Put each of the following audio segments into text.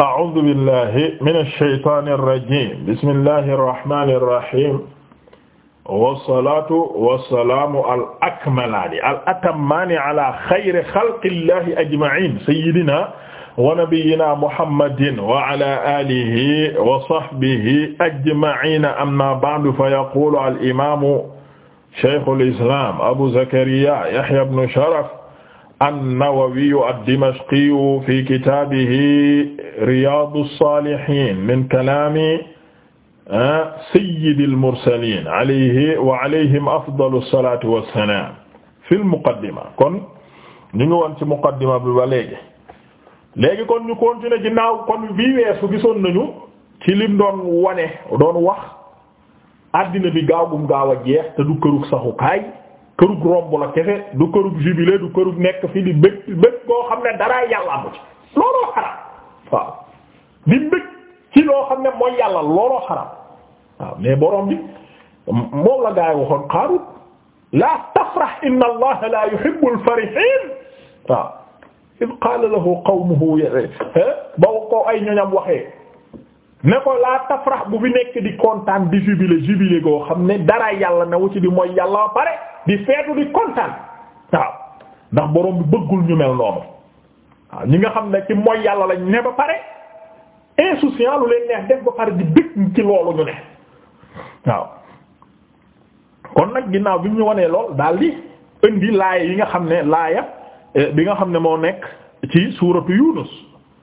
أعوذ بالله من الشيطان الرجيم بسم الله الرحمن الرحيم والصلاة والسلام الأكملان الأتمان على خير خلق الله أجمعين سيدنا ونبينا محمد وعلى آله وصحبه أجمعين أما بعد فيقول الإمام شيخ الإسلام أبو زكريا يحيى بن شرف an-Nawawiyu ad-Dimashqiyu fi kitaabihi Riyaadu s-Saalihiin min kalaami ah, sayyidil mursaliin alayhi wa alayhim afdalu salaatu wa salaam fil muqaddima kon ñu ngi woon ci muqaddima bi ba léegi. léegi kon ñu continuer ginnaaw kon bii weesu gisoon nañu ci lim doon wane doon wax addina bi gaaw gum gaaw a jeex te du kërug saxukaay. kërug romb la kese du kërug jubilé du kërug nekk fi di bëgg bëgg koo xam ne dara yàlla amu ci looloo xaram di bëgg ci loo xam ne mooy yàlla looloo xaram waaw mais borom bi moom la gaay waxoon Qaaruut laa tafrah inna allaha laa yuhibbul farihin eh, ko ay ñoñam waxee ne ko laa tafrah nekk di kontaan di jubilé xam ne dara yàlla newu ci di mooy yàlla pare di feetu di kontaan waaw ndax boroom bi bëggul ñu mel noonu waaw ñi nga xam ne ci mooy yàlla lañ ne ba pare insouciant lu leen neex def ba pare di bëgg ci loolu ñu ne waaw kon nag ginnaaw bi ñu wanee lool daal di laaya yi nga xam ne laaya eh, bi nga xam ne moo nekk ci suuratu yunus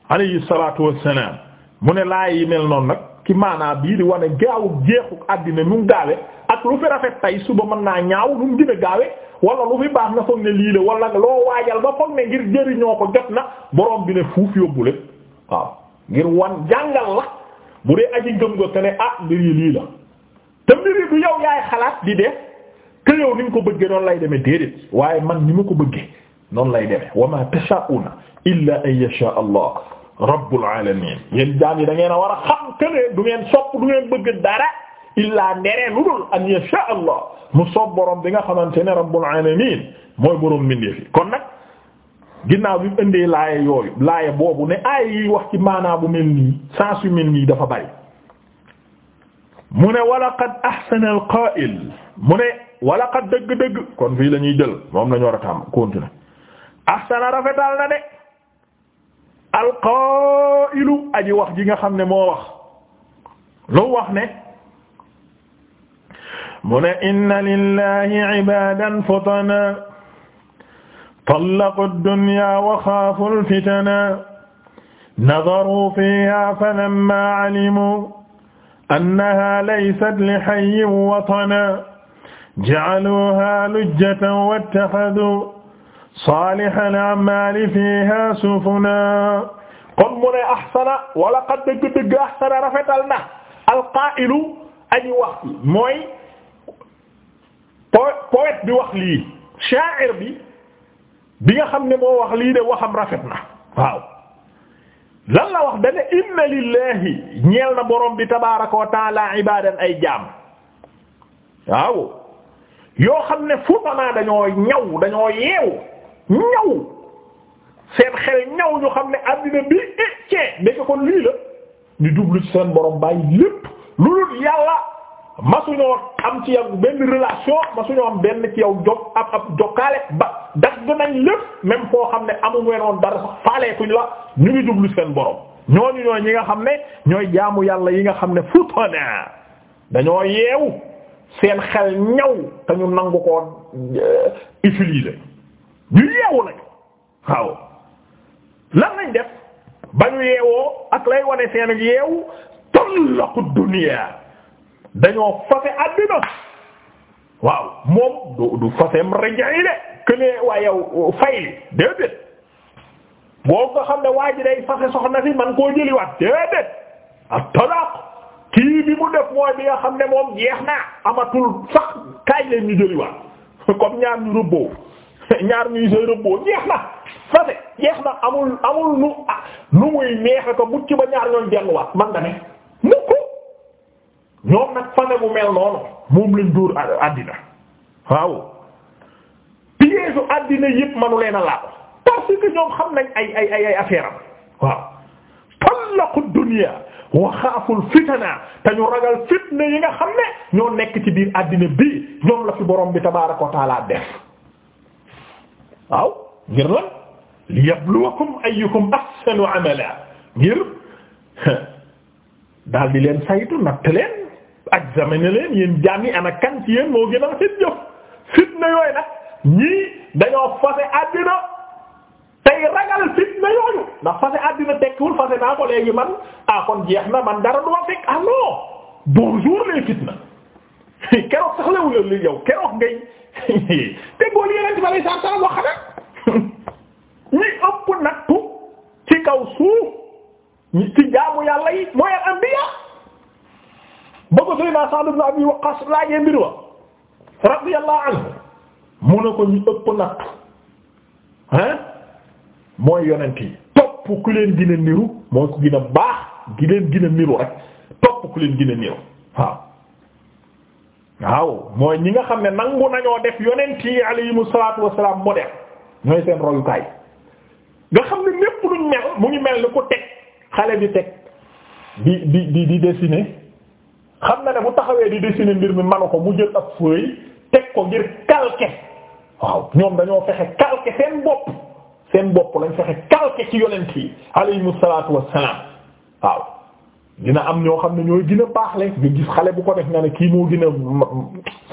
alayhi salaatu wassalaam mu ne laaya yi mel noonu nag ci maanaa bii di wane gaawu jeexu àddina nu mu gaawe ak lu fi rafet tay suba mën naa ñaaw nu mu a gaawe wala lu fi baax nga foog ne lii la wala loo waajal ba foog ne ngir jëriñoo ko jot na borom bi ne fuuf yóbbu lépp waaw ngir wan jàngal la bu dee aji ngëm nga te ah mbir yi lii la te mbir du yow yaay xalaat di def te yow ni nga ko bëggee noon lay demee déedéet waaye man ni mu ko bëgge noonu lay demee wa ma tasha'una illa an yasha Allah rabbul alamin yéen jaam yi da ngeen a war a xam que du ngeen sopp du ngeen bëgg dara illaa nderee lu dul an yasha allah mu soob borom bi nga xamante ne rabbul alamin mooy borom mbindeef yi kon nag ginnaaw bi mu indee laaya yooyu laaya boobu ne aaya yi wax ci maanaa bu mel nii sens yu mel nii dafa bari mu ne walaqad ahsana al qaa'il mu ne wala walaqad dëgg-dëgg kon fii la ñuy jël moom lañu war a tàmm continuer ahsana rafetal na de alqaa'ilu aji wax ji nga xam ne moo wax lu wax ne mu ne inna lillahi ibadan futana tallaqu ad-dunya wa xaafu al-fitana nadaruu fiha falamma alimu annaha laysat li hayyin watana ja'aluha lujjatan wattaxadu salihan amali fiha sufuna kon mu ne ahsana wala qad dëgg-dëgg ahsana rafetal na alqaa'ilu aji wax mooy poète bi wax lii sha'ir bi bi nga xam ne moo wax lii de waxam rafet na waaw lan la wax dane inna lillahi ñeel na borom bi tabaraka wa taala ibadan ay jaam waaw yoo xam ne futana dañoo ñaw dañoo yeewu ñaw seen xel ñaw ñu xam ne àddina bi eh cee nekk kon lii la ñu jublu ci seen borom bàyyi lépp lu dul yàlla masuñoo am ci yow benn relation masuñoo am benn ci yow jot ab ab jokkaale ba dax nañ lépp même foo xam ne amu wenoon dara sax faaleekuñ la ñu ngi jublu seen borom ñooñu ñooy ñi nga xam ne ñooy jaamu yàlla yi nga xam ne futana dañoo yeewu seen xel ñaw te ñu nangu ko euh, la ñu yeewu lañu waaw lan lañ def ba ñu yeewoo ak lay wane seen yeewu tollaqu dunya dañoo fase àddina waaw moom du du faseem raja'i de kënee waa yow fayli déedéet boo nga xam ne waa ji day fase soxna si man koo jëliwaat déedéet ak talaq kii bi mu def mooy bi nga xam ne moom jeex na amatul sax kaay leen ñu jëliwaat comme ñaar ñu rëbboo ñaar ñuy say rëbboo jeex na fase jeex na amul amul nu nu muy neexe ko bu ci ba ñaar ñoon delluwaat man da ne mukk ñoom nag fase bu mel noonu moom lañ dóor àddina waaw piège u àddina yépp manu leen a laal parce que ñoom xam nañ ay ay ay ay affaire am waaw tallaqu dunya wa xaaful te ñu ragal fitna yi nga xam ne ñoo nekk ci biir àddina bii ñoom la fi borom bi tabaaraka wa taala waaw ngir lan liyabluwakum ayyukum ahsanu amala ngir daal di leen saytu natt leen examiner leen yéen jaam yi ana kan ci yéen moo gën na rafet jëf fitna yooyu nag ñii dañoo fase tey ragal fitna yooyu ndax fase àddina tekkiwul fase naa ko léegi man ah kon jeex man dara du ma fekk ah non bonjour les fitna sax la wala li yow keroog ngay te bool yeneen ci bari wax rek ñi ëpp nattu ci kaw suuf ñi ci yàlla yi mooy al anbiya ba ko Seydina Sa'd ibn Abi Waqqas laajee mbir wa radiyallahu anhu mu ne ko ñi ëpp nattu hein mooy yonent topp ku leen gën niru mooy ku gën baax gi leen gën niru rek topp ku leen gën niru waaw waaw mooy ñi nga xam ne nangu nañoo def yonent yi alayhimu salaatu wassalaam moo def ñooy seen royukaay nga xam ne lépp luñ mel mu ngi mel ni ku teg xale bi teg di di di di dessiner xam na ne mu taxawee di dessiner mbir mi manu ko mu jël ab feuille teg ko ngir calquer waaw ñoom dañoo fexe calquer seen bopp seen bopp lañ fexe calquer ci yonent yi alayhimu salaatu wassalaam waaw dina am ñoo xam ne ñooy gën baax baaxle nga gis xale bu ko def nga ne kii moo gën a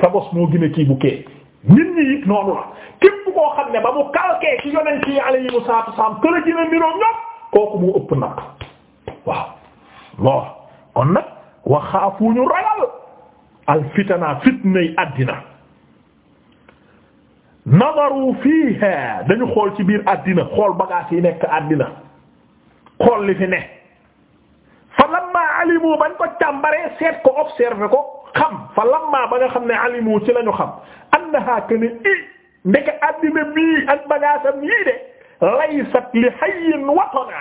sa bos moo gën kii bu kee nit ñi it noonu la képp koo xam ne ba mu calqué ci yonent yi alayhimu salaatu wassalaam këla gën a niroo ñoom kooku mu ëpp nag waaw lool kon nag waxaafu ñu ragal al fitana fitnay àddina nadaru fiiha dañu xool ci biir àddina xool bagaas yi nekk àddina xool li fi ne alimu bañ ko càmbaree seet ko observé ko nga xam ne alimu ci lañu xam annaha kana i bii ak bagaasam yii de laysat li hayyin watana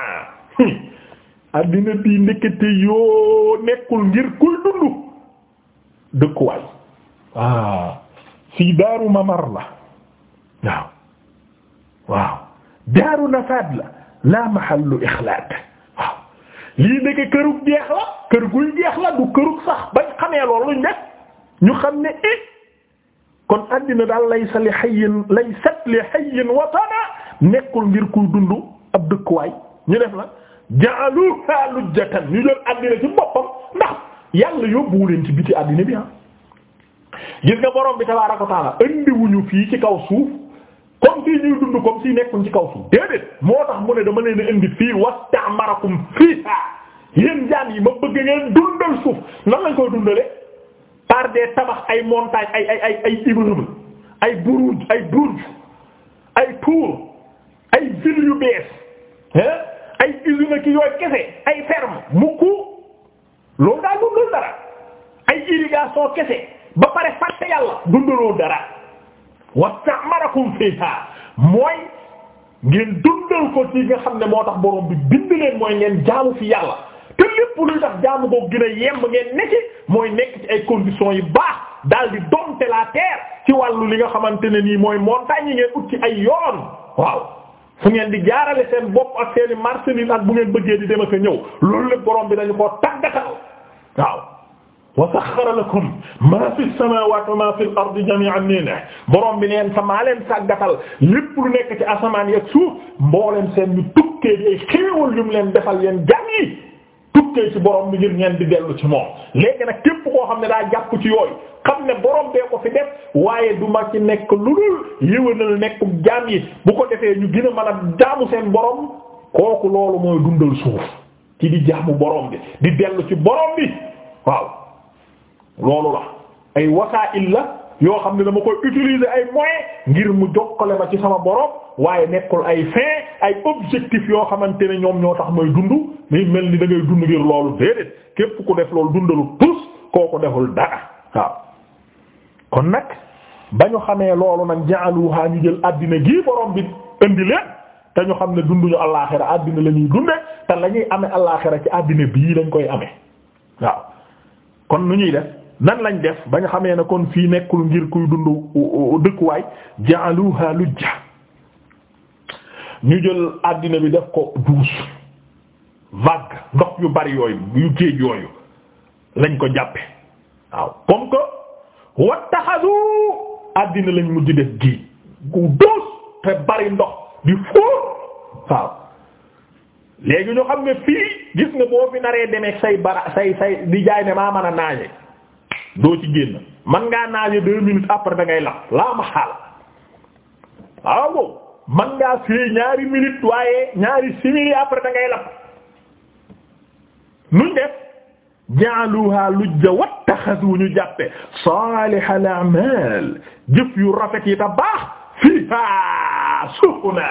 yoo nekkul ngir kuy dundu dëkkuwaay waaw ah. fii daaru mamar la waaw waaw daaru nafaad la la mahallu ixlaad lii nekk këru jeex kër guy jeex la du kërug sax ba xamee loolu luñ def ñu xam ne it eh kon àddina daal lay sa li hayyin laysat li hayyin watana nekkul ngir kuy dund ab dëkkuwaay ñu def la ja'aluha lujjatan ñu jël àddina ci boppam ndax yàlla yóbbuwu leen ci biti àddina bi ah gis nga borom bi tabaaraka wa taala indiwuñu fii ci kaw suuf comme si ñuy dund comme si nekkuñ ci kaw suuf déedéet moo tax mu ne dama leen a indi fii wasta'marakum fiha yéen jaan yi ma bëgg ngeen dundal suuf nan lañ koy dundale par des tabax ay montagne ay ay ay ay ay buruj ay burj ay tour ay ville yu bees hein ay usine ki yooy kese ay ferme mukku loolu daal dundal dara ay irrigation kese ba pare fàtte yàlla dundaloo dara wastamarakum fiha mooy ngeen dundal ko ci nga xam ne moo tax boroom bi bind leen mooy ngeen jaamu fi yàlla lépp luy tax jaamu ko gën a yemb ngeen nekki mooy nekk ci ay conditions yu baax daal di dompter la terre ci wàllu li nga xamante ne nii mooy montagne yi ngeen ut ci ay yoon waaw fu ngeen di jaarale seen bopp ak seeni marchandise ak bu ngeen bëggee di dem ak ñëw loolu lépp borom bi dañu koo tàggatal waaw wa saxxara lakum maa fi samaawaati wa maa fi al-ardi jamii'an minhu borom bi neen leen tàggatal lépp lu nekk ci asamaan yi ak suuf mbooleem seen ñu tukkee di ay xéewal yu leen defal yeen jàmm yi tukkee ci borom bi ngir ngeen di dellu ci moom léegi nag képp koo xam ne daa jàpp ci yooyu xam ne borom bee ko fi def waaye du ma ci nekk lu dul yéwénal nekku jaam yi bu ko defee ñu gën a mën a jaamu seen borom kooku loolu mooy dundal suuf ci di jaamu boroom bi di dellu ci borom bi waaw loolu la ay wasaa'il la yoo xam ne dama koy utiliser ay moyens ngir mu jokkale ma ci sama borom waaye nekkul ay fin ay objectif yoo xamante ne ñoom ñoo tax may dund muy mel ni dangay ngay dund ngir loolu déedéet képp ku def loolu dundalu tus kooku deful dara waaw kon nag ba ñu xamee loolu nag jaaluha ñu jël àddina gii borom bi indi leen te ñu xam ne dunduñu allaaxira àddina la ñuy dunde te la ñuy amee allaaxira ci àddina bii dañ koy ame waaw kon nu ñuy def. nan lañ def bañ xamee ne kon fii nekkul ngir kuy dund dëkkuwaay ja'aluha lujja ñu jël àddina bi def ko douce vague ndox yu bari yooyu yu géej yooyu lañ ko jàppe waaw comme que wattaxadu àddina lañ mujj def géej gu douce te bari ndox di fóot waaw léegi ñu xam ne fii gis nga boo naree demee say bara say say di jaay maa mën a naaje doo ci génn man ngaa naaje deux minutes après da ngay lap laa ma xaala waaw boobu man ngaa fee ñaari minutes waaye ñaari simili après da ngay lap nuñ def jaaluha lujja wattaxasu ñu jàppe salihal a'mal jëf yu rafet yi ta baax fiha suhuna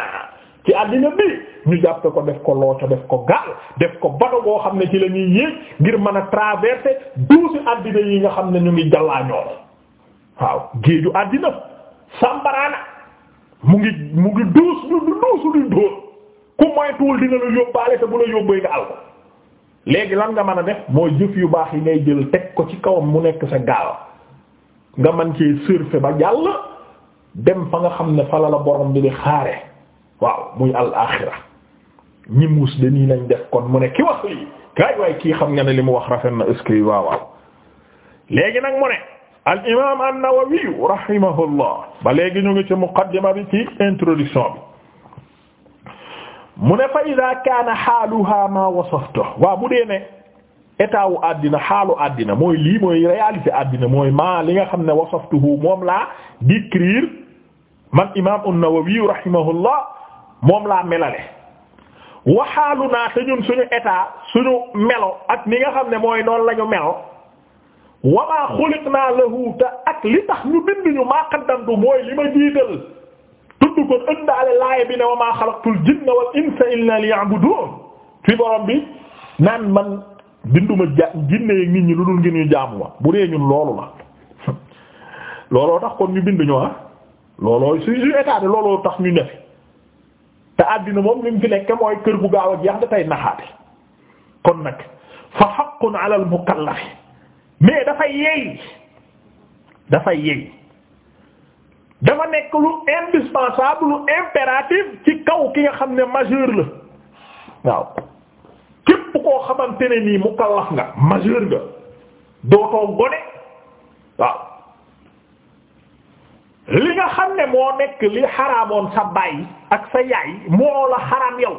ci àddina bi ñu jàppe ko def ko looco def ko gaal def ko bato boo xam ne ci lañuy yéeg ngir mën a traverser duusi àddina yi nga xam ne ñu ngi jàllaañoo waaw géeju àddina sàmbaraana mu ngi mu ngi duus du duusu du dóor ku moytuwul dina la yóbbaale te bu la yóbbee nga ko léegi lan nga mën a def mooy jëf yu baax yi ngay jël teg ko ci kawam mu nekk sa gaal nga man cee surfer ba jàll dem fa nga xam ne fala la borom bi di xaare waaw muy al axira ñi muus de nii mu ne ki wax lii kaay waaye kii xam nga ne li mu wax rafet na est-ce waaw waaw nag mu ne al imaam an ba léegi ñu ngi ci muqaddima bi ci introduction bi mu ne fa ida kaana xaaluha ma wasafta waaw bu dee ne état wu àddina xaalu àddina mooy lii mooy réalité àddina mooy maa li nga xam ne wasaftuhu moom laa décrire man imaam an-Nawawi rahimahullah moom laa melale waxaalu naa te ñun suñu état suñu melo ak ni nga xam ne mooy noonu la ñu melo wamaa xuliq naa lahu te ak li tax ñu bind ñu maa qaddamtu mooy li ma jiital tudd ko ëndaale laaya bi ne wamaa xalaqtul jinna wal insa illa liya'budun fi borom bi naan man binduma ja jinne ak nit ñi lu dul ngir ñu jaamu bu dee ñun loolu la looloo tax kon ñu bind ñu ah looloo suñu état de looloo tax ñu nekk. te àddina moom li mu fi nekke mooy kër gu gaaw a jeex dafay naxaate kon nag fa haqqun ala al mukallaf mais dafay yey dafay yey dafa nekk lu indispensable lu impératif ci kaw ki nga xam ne majeur la waaw képp koo xamante ne nii mukallaf nga majeur nga dootoo gone moo nekk li xaraamoon sa baay ak sa yaay moo la xaraam yow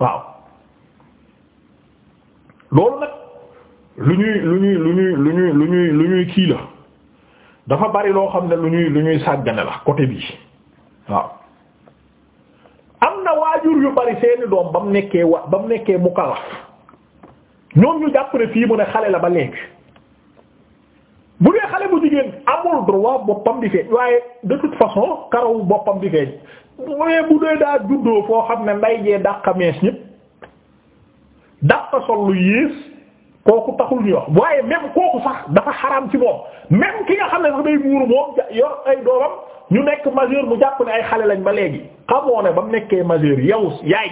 waaw loolu nag lu ñuy lu ñuy lu ñuy lu ñuy lu ñuy lu ñuy kii la dafa bari loo xam ne lu ñuy lu ñuy sàggane la côté bii waaw am na waajur yu bari seeni doom ba mu nekkee wa ba mu nekkee mukallaf ñoom ñu jàpp ne fii mu ne xale la ba léegi bu jigéen amul droit boppam di feeñ waaye de toute façon karawu boppam di feeñ waaye bu daa juddoo foo xam ne nday jee dàqa mees ñëpp dàqa sol lu yées kooku taxul ñu wax waaye même kooku sax dafa xaraam ci moom même ki nga xam ne sax day muuru moom yor ay doomam ñu nekk majeur mu jàpp ne ay xale lañ ba léegi xamoo ne ba mu nekkee majeur yow yaay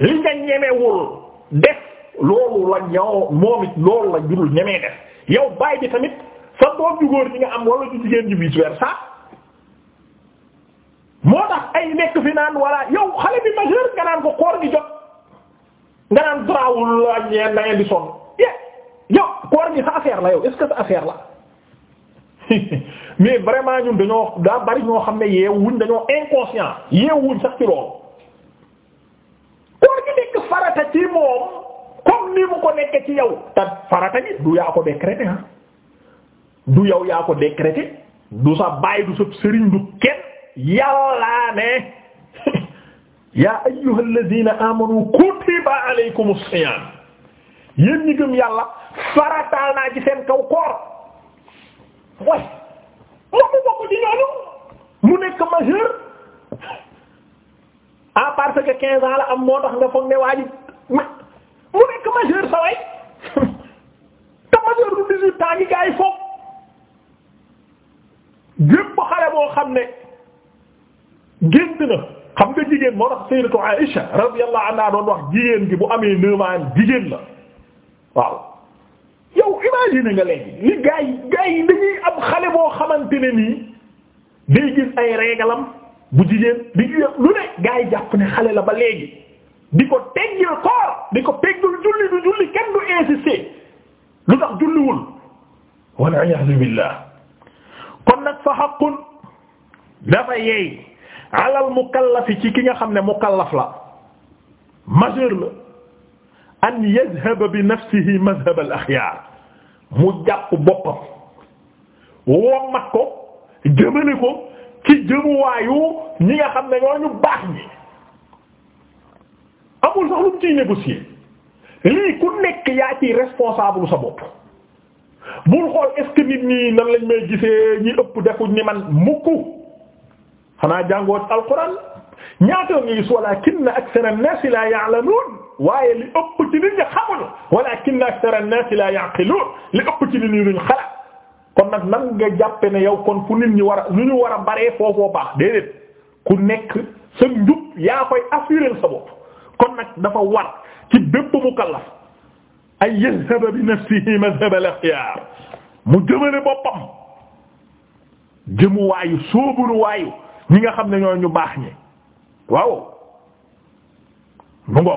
ji li nga ñemewul def loolu la ñoo moom it loolu la jurul ñemee def yow baay bi tamit sa doom ju góor ji nga am wala ju jigéen ju vice versa moo tax ay nekk fi naan wala yow xale bi majeur nga naan ko koor gi jot nga naan drawul ak ñeent na ngeen di sonn eh, yow koor gi sa affaire la yow est-ce que sa affaire la mais vraiment ñun dañoo daa bari ñoo xam ne yeewuñ dañoo inconscient yeewuñ sax ci loolu koor gi nekk farata ci moom comme ni mu ko nekk ci yow te farata gi du yaa ko décréter ah du yow yaa ko décrété du sa baay du sa sëriñ du kenn yàllaa ne yaa ayyuhal ladina amanu kutiba alaykumus siyam yéen ñi gëm yàlla farataal naa ci seen kaw koor way mu nekk majeur à ah, part que quinze ans la am moo tax nga foog ne waa ji mu nekk majeur sa te majeur du dix-huit ans gaa yi foog gépp xale boo xam ne gént na xam nga jigéen moo tax sayyidatu Aisha radiyallahu anha doon wax jigéen gi bu amee neuf jigéen la waaw yow imagine nga léegi li gaa yi gaa yi dañuy xale boo xamante ne nii day gis ay reegalam bu jigéen di lu ne gaa yi jàpp ne xale la ba léegi di ko teggil koor di ko peggul julli du julli kenn du insister lu tax julliwul wal iyaazu billah kon nag fa xaqun dafa yeey alal mukallafi ci ki nga xam ne mukallaf la majeur la an yadhhab bi nafsihi madhhab al axyaar mu jàpp boppam wommat ko jëmale ko ci jëmuwaayu ñi nga xam ne ñoo ñu baax ñi amul sax lu mu négocier lii ku nekk yaa ciy responsable sa bopp bul xool est-ce que nit ñi nan lañ may gisee ñi ëpp defuñ ni man mukk xanaa jàngoo alquran ñaata nga gis walakinna akthara an-naasi laa ya'lamuun waaye li ëpp ci nit ñi xamuñu walakinna akthara an-naasi laa ya'qiluun xalaat kon nag nan nga jàppe ne yow kon fu nit ñi war a lu ñu war a baree foofoo baax déedéet ku nekk sa njub yaa koy assuré sa bopp kon nag dafa war ci bépp mukallaf ay yadhhab bi nafsihi madhhab al mu jëmale boppam jëmu waayu sóobulu waayu ñi nga xam ne ñoo ñu baax ñi waaw mu ngo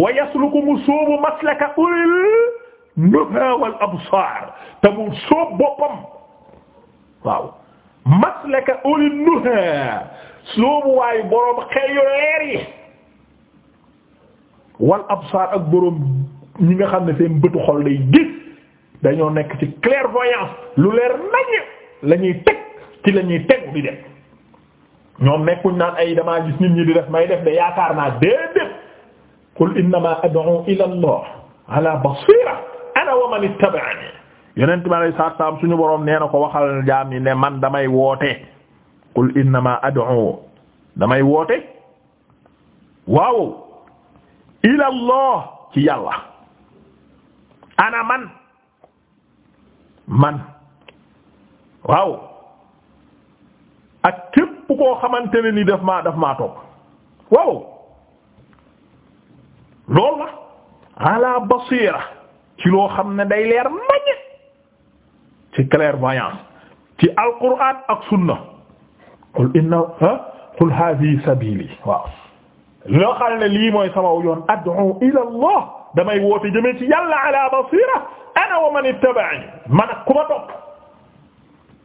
wa yasluku mu sóobu maslaka ulil nuha wal absar te mu sóob boppam waaw maslaka ulil nuha sóobu waayu boroom xel yu leer yi wal absar ak boroom ñi nga xam ne seen bëtu xol lay gis dañoo nekk ci clairvoyance lu leer nañ la ñuy teg ci la ñuy di dem ñoom nekkuñ naan ay damaa gis nit ñi di def may def de yaakaar naa déedéet qul innama ad'u ila allah ala basira ana wa man ittaba'ani yonent mi alayhi salaatu salaam suñu boroom nee na ko waxal jaam yi ne man damay woote qul innama ad'u damay woote waaw ila allah ci yàlla ana man man waaw ak képp koo xamante ne ni daf maa daf maa topp waaw loolu la ala basira ci loo xam ne day leer maññe ci clairvoyance ci alquran ak sunna qul inna qul hadhihi sabili waaw loo xam ne lii mooy sama yoon ad'u ila allah damay woote jëmee ci yàlla basira ana wa man ittaba'ani ku ma topp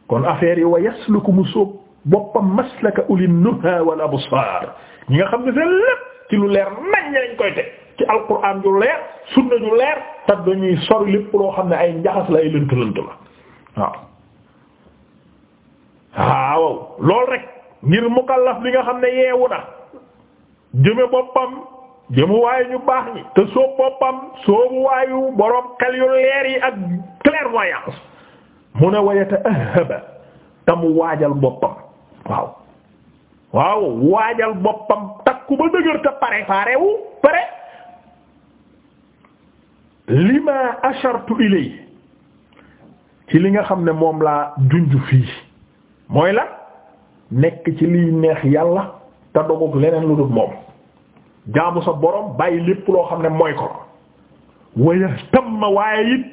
kon affaire yi wa yasluku mu sóob boppam maslaka ulil nuha wal absar ñi nga xam ne seen lépp lu leer nañ lañ koy teg ci ju leer sunna ju leer te dañuy sori lépp loo xam ne ay njaxas lay ay lënt lënt la rek ngir mukallaf bi nga xam ne yeewu na boppam jëmuwaayu ñu baax ñi te soob boppam soobu waayu boroom xel yu leer yi ak clairvoyance mu ne wayata te mu waajal boppam waaw waaw waajal boppam takku ba dëgër te pare pare wu pare lima ashartu ilay ci li nga xam ne moom laa junj fii mooy la nekk ci liy neex yàlla te dogog leneen lu dul moom jaamu sa borom bàyyi lépp loo xam ne mooy ko waya tamma waaye it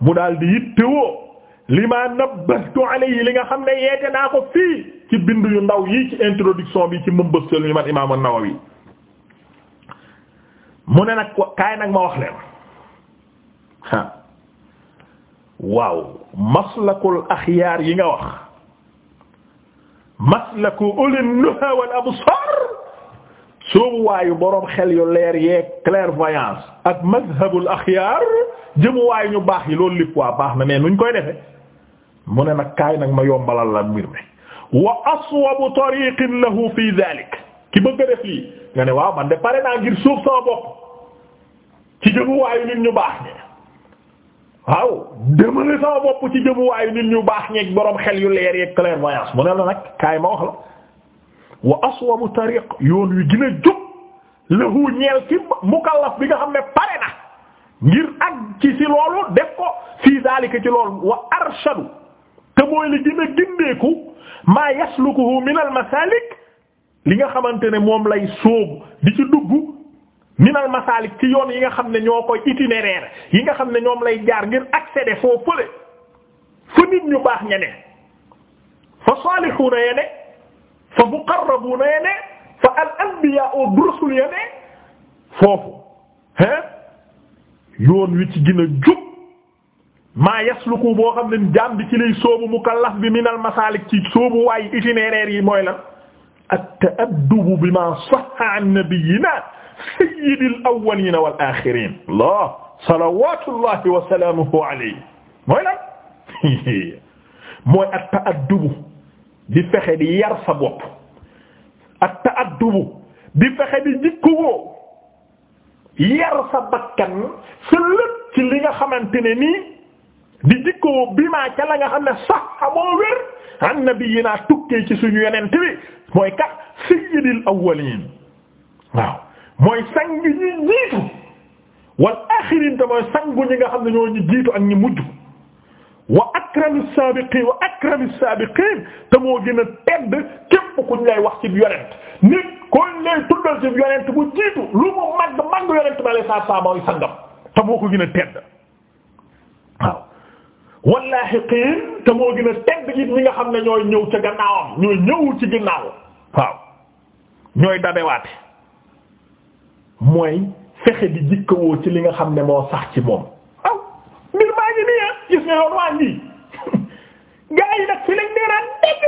mu daal di yittewoo li ma nabbahtu alayhi li nga xam ne yeete naa ko fii ci bind yu ndaw yi ci introduction bi ci mëmbëstal yu man imaam an-Nawawi mu ne nag kaay nag ma wax leen ha waaw maslakul axyaar yi nga wax maslaku ulin nuha wal absar soobuwaayu boroom xel yu leer yeeg clairvoyance ak mazhabul axyaar jëmuwaay ñu baax yi loolu lépp waa baax na mais nuñ koy defe mu ne nag kaay nag ma yombalal la mbir mi wa aswabu tariqin lahu fi dalik ki bëgg a def lii ne waaw man de pare naa ngir suuf sama bopp ci jëmuwaayu nit ñu baax ñi waaw demale sama bopp ci jëmuwaayu nit ñu baax ñeeg boroom xel yu leer yeeg clairvoyance mu ne la nag kaay ma wax la wa aswabu tariq yoon wi gën a jóg lahu ñeel ci mukallaf bi nga xam ne pare na ngir ak ci si loolu def ko fii daalika ci loolu wa arshadu te mooy li gën a gindeeku maa yaslukuhu min al masalik li nga xamante ne moom lay sóobu di ci dugg minal masalik ci yoon yi nga xam ne ñoo koy itinéraire yi nga xam ne ñoom lay jaar ngir accéder foo fële fa nit ñu baax ña ne fa salihuna ya fa muqarrabuuna ya ne fa al anbiyaa'u rusul ya ne foofu hein yoon wi ci gën a jub maa yasluku boo xam ne jaam bi ci lay sóobu mukallaf bi minal masaalik ci sóobu waaye itinéraire yi mooy lan at ta'addub bima sahha an nabiyyina sayyidil awwalina wal axirin Allah salawatullahi wa salaamuhu alayhi mooy lan mooy at ta'addub di fexe di yar sa bopp ak ta'addubu di fexe di jikkuwoo yar sa bakkan sa lépp ci li nga xamante ne nii di jikko bimaa ca la nga xam ne sax amoo wér an nabiyina tukkee ci suñu yeneen bi mooy kat sayyidil awwalin waaw mooy sang ñi jiitu wal axirin mooy sangu ñi nga xam ne ñoo ñu jiitu ak ñi mujj wa akrami saabiqiin wa te moo gën a tedd képp ku ñu lay wax ci yonent nit ko lay tuddal ci yonent bu jiitu lu mu mag mag yonent ba lay saa saa mooy sangam te moo ko gën a tedd waaw. wallaahiqiin te moo gën a tedd it ñi nga xam ne ñooy ñëw ca gannaawam ñooy ñëw ci ginnaaw waaw ñooy dabewaate mooy fexe di jikkawoo ci li nga xam ne moo sax ci moom. gis ne loolu waa ngi gaa yi nag fi lañ nee naan nekk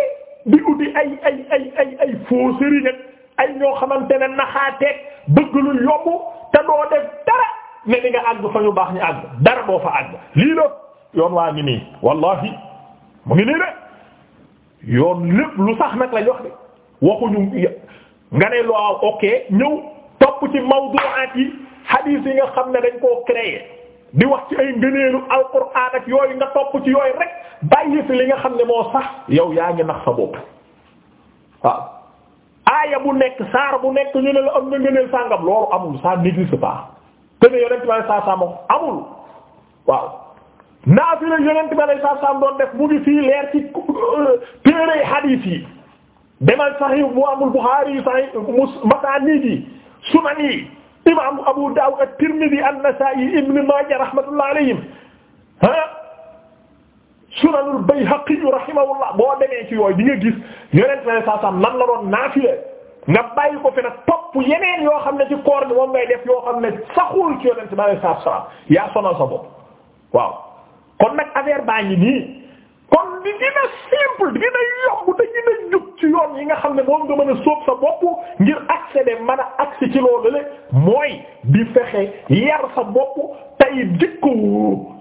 di uti ay ay ay ay ay faux ñoo xamante ne naxaateeg bëgg lu yomb te doo def dara ne ni nga àgg fa ñu baax ñu àgg dara doo fa àgg lii la yoon waa ngi nii wallahi mu ngi nii de yoon lépp lu sax nag lañ wax de waxuñu nga ne loo ok ñëw topp ci mawdu'aat yi hadith yi nga xam ne dañ koo créer di wax ci ay ngëneelu alquran ak yooyu nga topp ci yooyu rek bàyyi li nga xam ne moo sax yow yaa ngi nax sa bopp waaw aaya bu nekk saar bu nekk ñu ne la am na ngëneel sàngam loolu amul ça n'existe pas te ne yonent bi alay saa saam def mu ngi euh, yi demal sahih bu amul Bukhari yi imam Abu Dawud at-Tirmidhi an-Nasa'i Ibn Majah rahmatullah alayhim ah Sunanul Bayhaqi rahimahullah boo demee ci yooyu di nga gis Yonent sallallahu alayhi wasallam nan la doon naafile nga bàyyi ko fi nag topp yeneen yoo xam ne ci koor bi moom ngay def yoo xam ne saxul ci Yonent sallallahu alayhi wasallam yaa sonal sa bopp waaw kon nag affaire baa ngi nii. kon li dina simple dina yomb te dina jub ci yoon yi nga xam ne moom nga mën a sóob sa bopp ngir accéder mën a accès ci loolu la mooy di fexe yar sa bopp tey jikko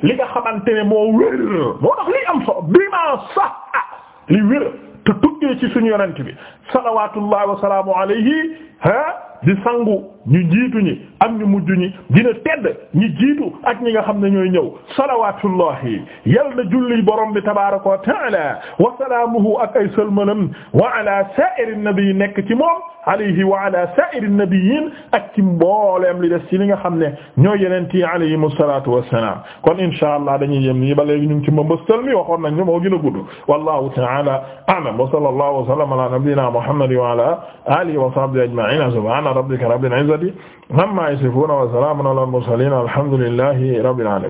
li nga xamante ne moo wér moo tax liy am so bi maa sax ah, li wér te tukkee ci suñu yonent bi salawatullahi wasalaamu alayhi ha di sangu ñu jiitu ñi am ñu mujj ñi dina tedd ñi jiitu ak ñi nga xam ne ñooy ñëw salawatullahi yal na julli borom bi tabaraka wa taala wa salaamuhu ak ay salmanam wa ala sa'iri nabi nekk ci moom alayhi wa ala sa'iri nabiyin ak ci mbooleem li des ci li nga xam ne ñooy yenente yi alayhim asalatu wasalam kon insha allah dañuy yem nii ba léegi ñu ngi ci mbambastal mi waxoon nañ ñu moo gën a gudd wallahu taala a'lam wa sallallahu wa sallama ala nabiyyina muhammad wa ala alihi wa sahbihi ajma'in subhana rabbika rabbil izzati izzati amma yasifun wa salamun ala al mursalin alhamdulillahi rabbil alamin